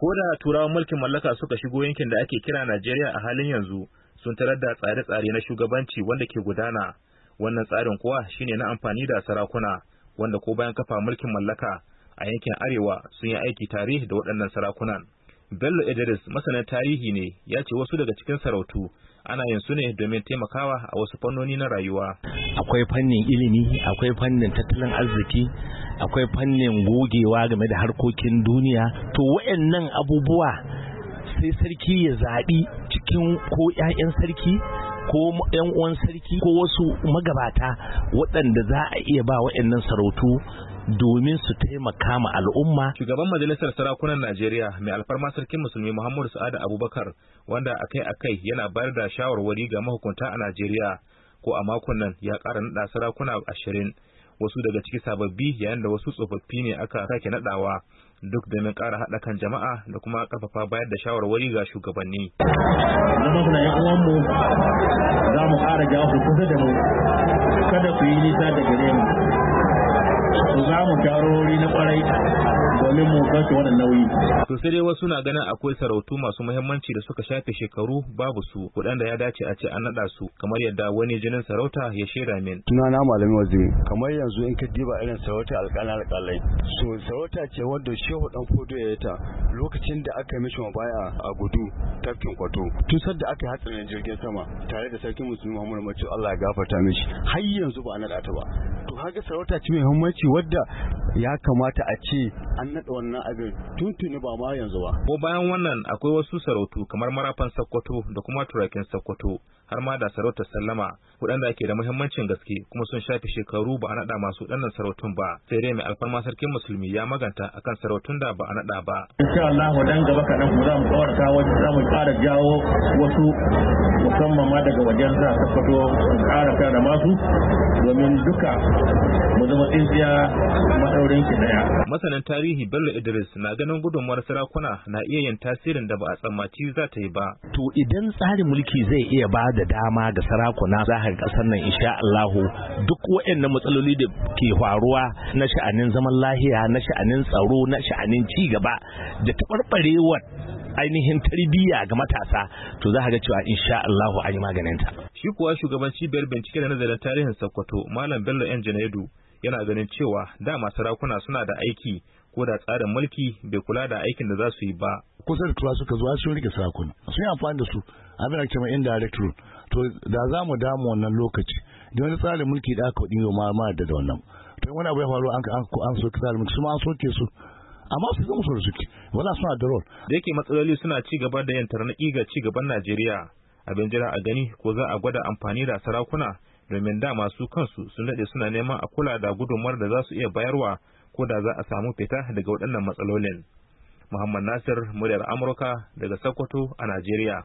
ko da turawan mulkin mallaka suka shigo yankin da ake kira Najeriya a halin yanzu sun tarar da tsare-tsare na shugabanci wanda ke gudana wannan tsarin kuwa shine na amfani da sarakuna wanda ko bayan kafa mulkin mallaka a yankin arewa sun yi aiki tare da waɗannan sarakunan Bello Idris masanin tarihi ne ya ce wasu daga cikin sarautu ana yin su ne domin taimakawa a wasu fannoni na rayuwa. Akwai fannin ilimi, akwai fannin tattalin arziki, akwai fannin gogewa game da harkokin duniya. To nan abubuwa sai sarki ya zaɓi cikin ko 'ya'yan sarki ko yan uwan sarki ko wasu magabata waɗanda za a iya ba waɗannan sarautu domin su taimaka ma al'umma. Shugaban Majalisar Sarakunan Najeriya mai alfarma sarkin musulmi Muhammadu Sa'ada Abubakar wanda akai-akai yana bayar da shawarwari ga mahukunta a Najeriya ko a makon nan ya ƙara naɗa sarakuna ashirin wasu daga ciki sababbi yayin da wasu tsofaffi ne aka sake nadawa duk da domin ƙara haɗa kan jama'a da kuma ƙarfafa bayar da shawarwari ga shugabanni. Zama kuna ‘yan uwanmu za mu ƙara jawo kusa da mu kada ku yi nisa daga gare za mu wuri na kwarai domin mu kashe wannan nauyi. To sai dai wasu na ganin akwai sarautu masu muhimmanci da suka shafe shekaru babu su da ya dace a ce an naɗa su kamar yadda wani jinin sarauta ya shaida min. na malami waziri kamar yanzu in ka diba irin sarauta alƙalan alƙalai. So sarauta ce wanda shehu dan fodo ya yi ta lokacin da aka yi mishi mabaya a gudu tafkin kwato. Tusar da aka yi hatsarin jirgin sama tare da sarkin musulmi Muhammadu Mace Allah ya gafarta mishi har yanzu ba a naɗa ta ba. haka sarauta ce mai muhimmanci wadda ya kamata a ce an naɗa wannan abin tuntuni ba ma yanzu ba. Ko bayan wannan akwai wasu sarautu kamar marafan Sokoto da kuma turakin Sokoto har ma da sarautar sallama waɗanda ake da muhimmancin gaske kuma sun shafi shekaru ba a naɗa masu ɗannan sarautun ba sai dai mai alfarma sarkin musulmi ya maganta akan sarautun da ba a naɗa ba. insha Allah dan gaba kaɗan mu za mu tsawarta wajen za mu ƙara jawo wasu musamman ma daga wajen za ta fito ƙara da masu domin duka mu zama tsintsiya maɗaurin ki Masanin tarihi Bello Idris na ganin gudunmuwar sarakuna na iya yin tasirin da ba a tsammaci za ta yi ba. To idan tsarin mulki zai iya ba da dama ga sarakuna za ka kasar nan insha Allahu duk waɗannan matsaloli da ke faruwa na sha'anin zaman lahiya na sha'anin tsaro na sha'anin ci gaba da taɓarɓarewar ainihin tarbiyya ga matasa to za ga cewa insha Allahu an yi maganinta. Shi kuwa shugaban cibiyar bincike da nazarin tarihin Sokoto Malam Bello Yan Janaidu yana ganin cewa dama sarakuna suna da aiki ko da tsarin mulki bai kula da aikin da za su yi ba. Kusa da tura suka zuwa sun rike sarakuna sun yi amfani da su abin da cewa indirect rule to da za mu damu wannan lokaci da wani tsarin mulki da aka ɗin yau ma da wannan to wani abu ya faru an an soke tsarin mulki su ma an soke su amma su zama su suke wala suna da rol. Da yake matsaloli suna ci gaba da yin tarnaƙi ga ci gaban Najeriya abin jira a gani ko za a gwada amfani da sarakuna domin da masu kansu sun daɗe suna neman a kula da gudunmawar da za su iya bayarwa ko da za a samu fita daga waɗannan matsalolin. Muhammad Nasir, muryar Amurka daga Sokoto a Najeriya.